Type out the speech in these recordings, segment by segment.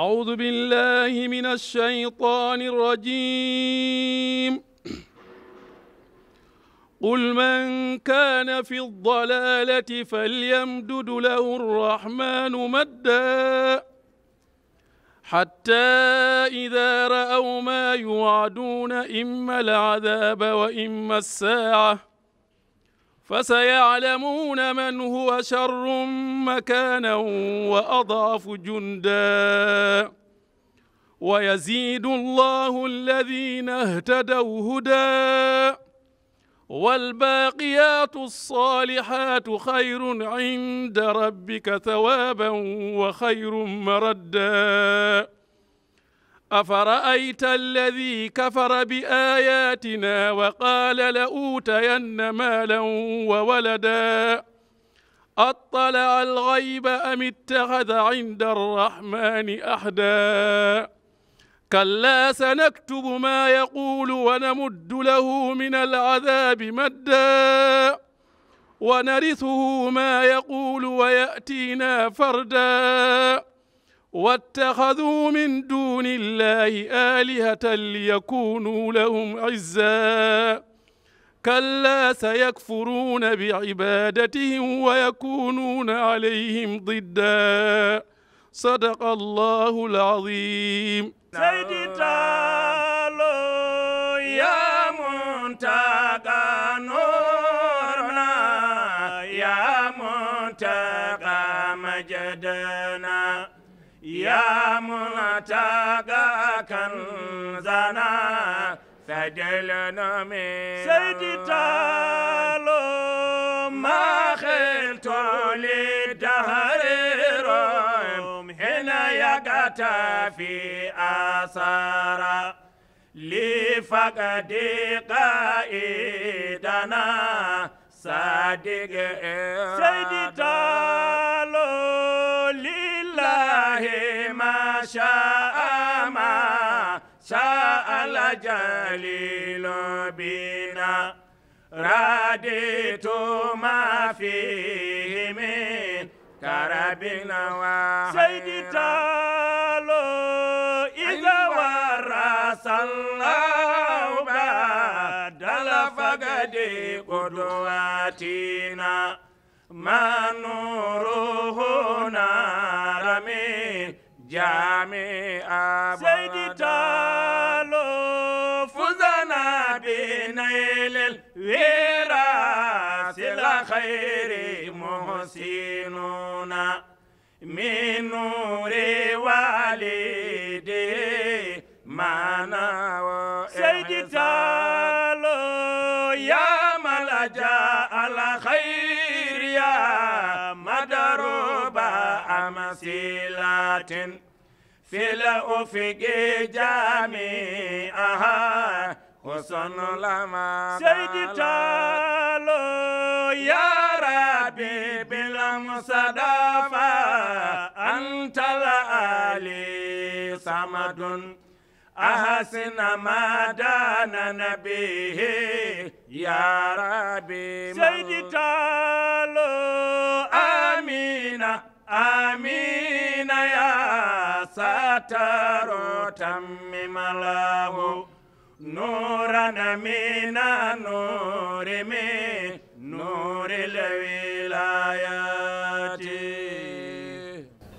أعوذ بالله من الشيطان الرجيم قل من كان في الضلالة فليمدد له الرحمن مدا حتى إذا رأوا ما يوعدون إما العذاب وإما الساعة فسيعلمون من هو شر مكانا واضعف جندا ويزيد الله الذين اهتدوا هدى والباقيات الصالحات خير عند ربك ثوابا وخير مردا أفرأيت الذي كفر بآياتنا وقال لأوتين مالا وولدا أطلع الغيب أم اتخذ عند الرحمن أحدا كلا سنكتب ما يقول ونمد له من العذاب مدا ونرثه ما يقول ويأتينا فردا واتخذوا من دون الله آلهة ليكونوا لهم عزاً كلا سيكفرون بعبادتهم ويكونون عليهم ضدا صدق الله العظيم سيدي تالو يا منتقى منتقى كنزنا فجلنا من سيدي تعالوا ما خلت للدهر هنا يقتى في أسارة لفقد قائدنا صادق سيدي تعالوا ما شاء ما شاء الجليل بنا راديت ما فيه من كربنا وسيدي تعالى إذا ورث الله بدل فقد قدواتنا ما نور هنا جامع سيدي تالو فزنا بنيل الوراث الخير محسنون من نور والدي معنا سيدي تالو يا ملجا الخير مسيلات في الأفق جميعها حسن لما سيد تعالى يا ربي بلا مصدفة أنت الآلي صمد أحسن ما دان نبيه يا ربي سيد تعالى amina ya sataro No mina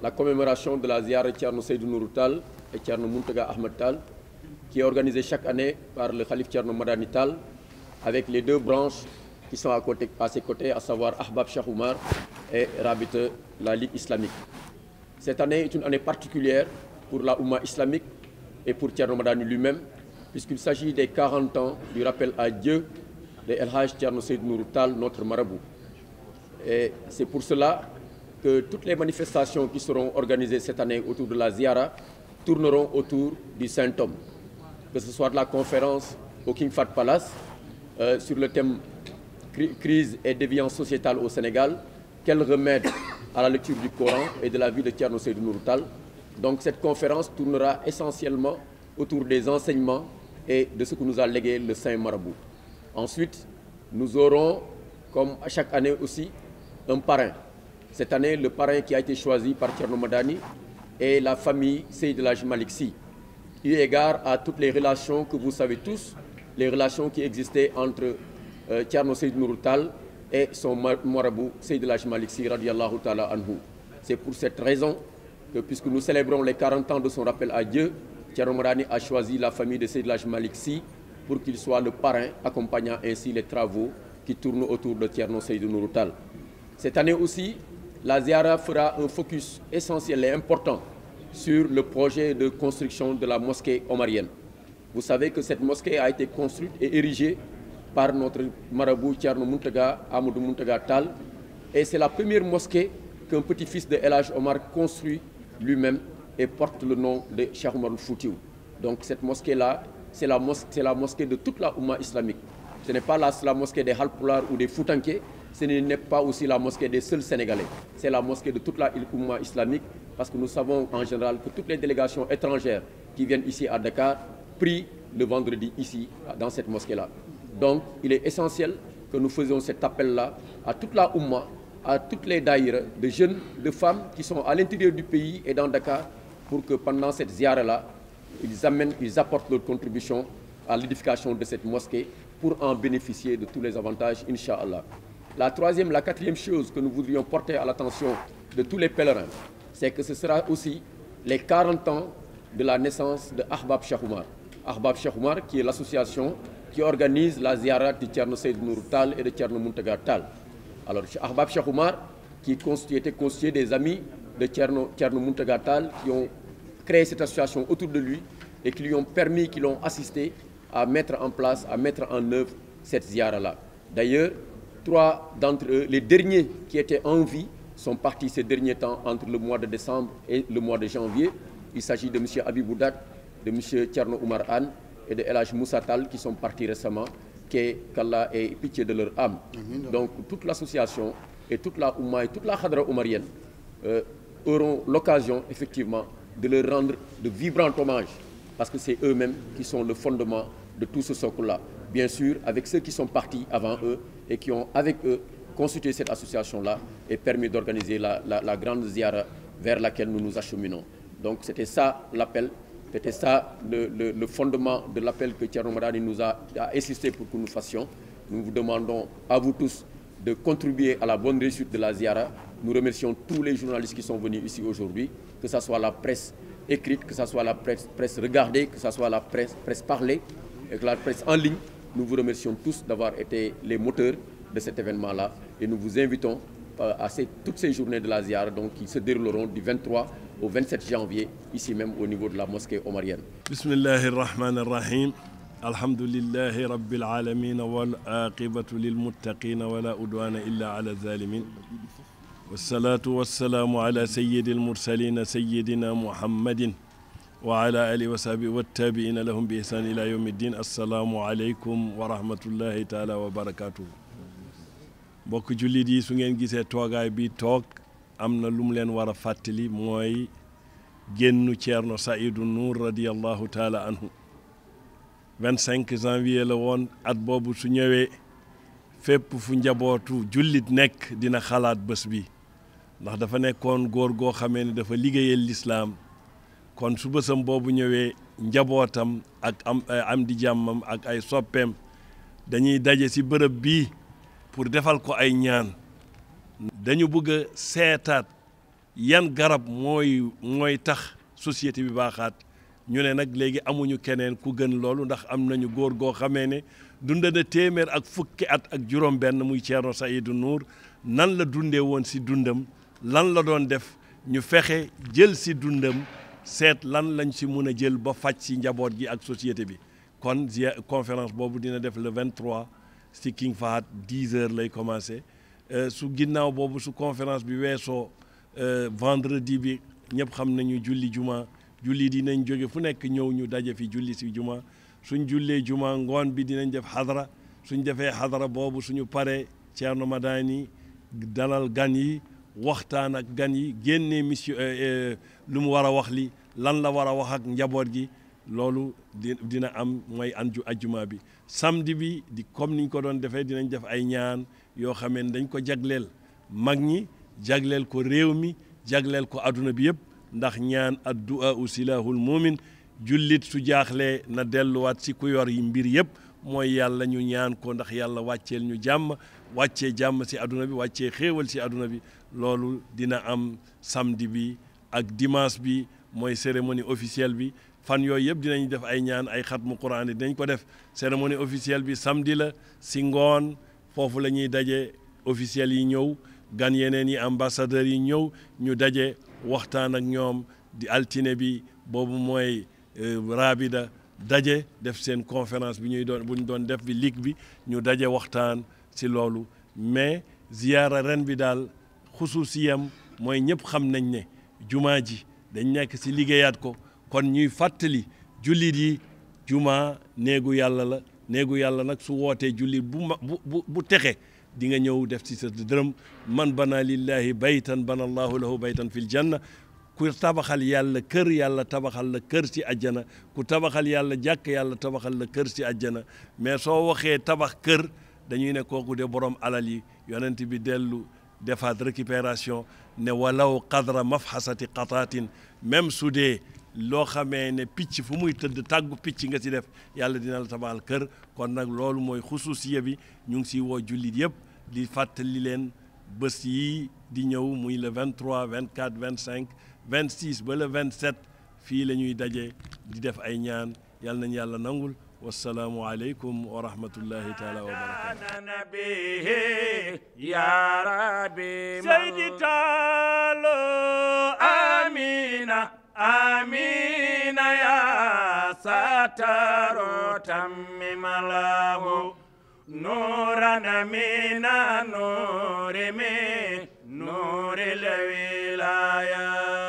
La commémoration de la ziyare Tcherno Seydou Nouroutal et Tcherno Muntaga Ahmed Tal qui est organisée chaque année par le Khalif Tcherno Madanital, avec les deux branches qui sont à, côté, ses côtés, à savoir Ahbab Shahumar et Rabite, la Ligue islamique. Cette année est une année particulière pour la Ouma islamique et pour Tierno Madani lui-même, puisqu'il s'agit des 40 ans du rappel à Dieu de El Hajj Tierno Seyd notre marabout. Et c'est pour cela que toutes les manifestations qui seront organisées cette année autour de la Ziara tourneront autour du Saint-Homme, que ce soit de la conférence au King Fat Palace euh, sur le thème crise et déviance sociétale au Sénégal, quel remède à la lecture du Coran et de la vie de Tcherno Nouroutal. Donc cette conférence tournera essentiellement autour des enseignements et de ce que nous a légué le Saint Marabout. Ensuite, nous aurons, comme à chaque année aussi, un parrain. Cette année, le parrain qui a été choisi par Tierno Madani est la famille Seyd Laj Il Eu égard à toutes les relations que vous savez tous, les relations qui existaient entre euh, Tcherno et son marabout, Seyd Malik Si, radiallahu ta'ala anhu. C'est pour cette raison que puisque nous célébrons les 40 ans de son rappel à Dieu, Morani a choisi la famille de Seyd Malik Si pour qu'il soit le parrain accompagnant ainsi les travaux qui tournent autour de Tierno Seydou Cette année aussi, la Ziara fera un focus essentiel et important sur le projet de construction de la mosquée omarienne. Vous savez que cette mosquée a été construite et érigée par notre marabout Tcherno Muntaga, Amadou Muntaga Tal. Et c'est la première mosquée qu'un petit-fils de Elage Omar construit lui-même et porte le nom de Cheikh Omar Foutiou. Donc cette mosquée-là, c'est la, mosquée de toute la Oumma islamique. Ce n'est pas la, mosquée des Halpoulars ou des Foutanké, ce n'est pas aussi la mosquée des seuls Sénégalais. C'est la mosquée de toute la Oumma islamique parce que nous savons en général que toutes les délégations étrangères qui viennent ici à Dakar prient le vendredi ici, dans cette mosquée-là. Donc, il est essentiel que nous faisions cet appel-là à toute la Oumma, à toutes les daïres de jeunes, de femmes qui sont à l'intérieur du pays et dans Dakar pour que pendant cette ziarah là ils amènent, ils apportent leur contribution à l'édification de cette mosquée pour en bénéficier de tous les avantages, Inshallah. La troisième, la quatrième chose que nous voudrions porter à l'attention de tous les pèlerins, c'est que ce sera aussi les 40 ans de la naissance de Ahbab Shahoumar. Ahbab Shahoumar, qui est l'association qui organise la ziyara de Tcherno Seyd Tal et de Tcherno Muntaga Alors, Ahbab Oumar, qui était conseiller des amis de Tcherno, Tcherno qui ont créé cette association autour de lui et qui lui ont permis, qui l'ont assisté à mettre en place, à mettre en œuvre cette ziara-là. D'ailleurs, trois d'entre eux, les derniers qui étaient en vie, sont partis ces derniers temps entre le mois de décembre et le mois de janvier. Il s'agit de M. Abiboudak, de M. Tcherno Umar et de El qui sont partis récemment, qu'Allah ait pitié de leur âme. Donc toute l'association et toute la Oumma et toute la Khadra Oumarienne euh, auront l'occasion effectivement de leur rendre de vibrants hommages parce que c'est eux-mêmes qui sont le fondement de tout ce socle-là. Bien sûr, avec ceux qui sont partis avant eux et qui ont avec eux constitué cette association-là et permis d'organiser la, la grande ziara vers laquelle nous nous acheminons. Donc c'était ça l'appel c'était ça le, fondement de l'appel que Thierry Madani nous a, insisté pour que nous fassions. Nous vous demandons à vous tous de contribuer à la bonne réussite de la Ziara. Nous remercions tous les journalistes qui sont venus ici aujourd'hui, que ce soit la presse écrite, que ce soit la presse, regardée, que ce soit la presse, presse parlée et que la presse en ligne. Nous vous remercions tous d'avoir été les moteurs de cet événement-là et nous vous invitons à ces, toutes ces journées de la donc, qui se dérouleront du 23 au 27 janvier, ici même au niveau de la mosquée omarienne. Bismillahirrahmanirrahim. Alhamdulillahi Rabbil Alameen wal aqibatu lil muttaqin wa la udwana illa ala zalimin. والصلاة والسلام على سيد المرسلين سيدنا محمد وعلى آله وصحبه والتابعين لهم بإحسان إلى يوم الدين السلام عليكم ورحمة الله تعالى bokk jullit yi su ngeen gisee toogaay bi toog am na lu mu leen war a fàttali mooy génnu Ceerno Saidu Nuur radiyallahu taala anhu 25 janvier la woon at boobu su ñëwee fépp fu njabootu jullit nekk dina xalaat bés bi ndax dafa nekkoon góor goo xamee ni dafa liggéeyal lislaam kon su bésam boobu ñëwee njabootam ak am di jàmmam ak ay soppeem dañuy daje ci bërëb bii pour defal ko ay ñaan dañu bëgg a seetaat yan garab mooy mooy tax société bi baaxaat ñu ne nag léegi amuñu keneen ku gën loolu ndax am nañu góor goo xamee ne dund na téeméer ak fukki at ak juróom benn muy Thierno Saïdou nuur nan la dundee woon si dundam lan la doon def ñu fexe jël si dundam seet lan lañ si mun a jël ba faj si njaboot gi ak société bi kon conférence boobu dina def le 23 Sticking faat dix heures lay commencé euh, su ginnaaw boobu su conférence bi weesoo euh, vendredi bi ñëpp xam nañu julli juma julli dinañ jóge fu nekk ñëw ñu daja fi julli si juma suñ jullee jumaa ngoon bi dinañ def xadra suñ defee xadra boobu suñu paree Thierno Madani dalal gan yi waxtaan ak gan yi génnee mission euh, lu mu war a wax li lan la war a wax ak njaboot gi loolu di dina am mooy anju ajjuma bi samdi bi di comme niñ ko doon defee dinañ def ay ñaan yoo xamee ne dañ ko jagleel mag ñi jagleel ko réew mi jagleel ko adduna bi yëpp ndax ñaan addu'a u silahul mumin jullit su jaaxlee na delluwaat si ku yor yi mbir yëpp mooy yàlla ñu ñaan ko ndax yàlla wàcceel ñu jàmm wàccee jàmm si adduna bi wàccee xéewal si adduna bi loolu dina am samdi bi ak dimaas bi mooy cérémonie officielle bi fan yooyu yëpp dinañu def ay ñaan ay xatmu Quraan yi dinañ ko def cérémonie officielle bi samedi la si ngoon foofu la ñuy daje officiels yi ñëw gan yeneen yi ambassadeurs yi ñëw ñu daje waxtaan ak ñoom di altine bi boobu mooy euh, raabida daje def seen conférence bi ñuy doon bu ñu doon def bi ligue bi ñu daje waxtaan si loolu mais ziyaara ren bi daal xusuusiyam mooy ñëpp xam nañ ne jumaa ji dañ nekk si liggéeyaat ko kon ñuy fàttali jullit yi jumaa néegu yàlla la néegu yàlla nag su wootee jullit bu ma bu bu bu texe di nga ñëw def ci sa dërëm man bana lillahi baytan bana allahu lahu baytan fil janna ku tabaxal yàlla kër yàlla tabaxal la kër ci àjjana ku tabaxal yàlla jàkk yàlla tabaxal la kër ci àjjana mais soo waxee tabax kër dañuy ne kooku de borom alali yi yonent bi dellu defaat récupération ne walaw qadra mafxasati qataatin même su dee loo xamee ne picc fu muy tëdd tàggu picc nga ci def yàlla dina la tabaxal kër kon nag loolu mooy xusuusiya bi ñu ngi siy woo jullit yëpp di fàttali leen bés yi di ñëw muy le 23 24 25 26 ba le 27 fii la ñuy daje di def ay ñaan yàlla nañ yàlla nangul wasalaamu aleykum wa rahmatullahi taala wa barakaatu Amina ya sataro tamimalahu Nura namina nurimi nurilavilayah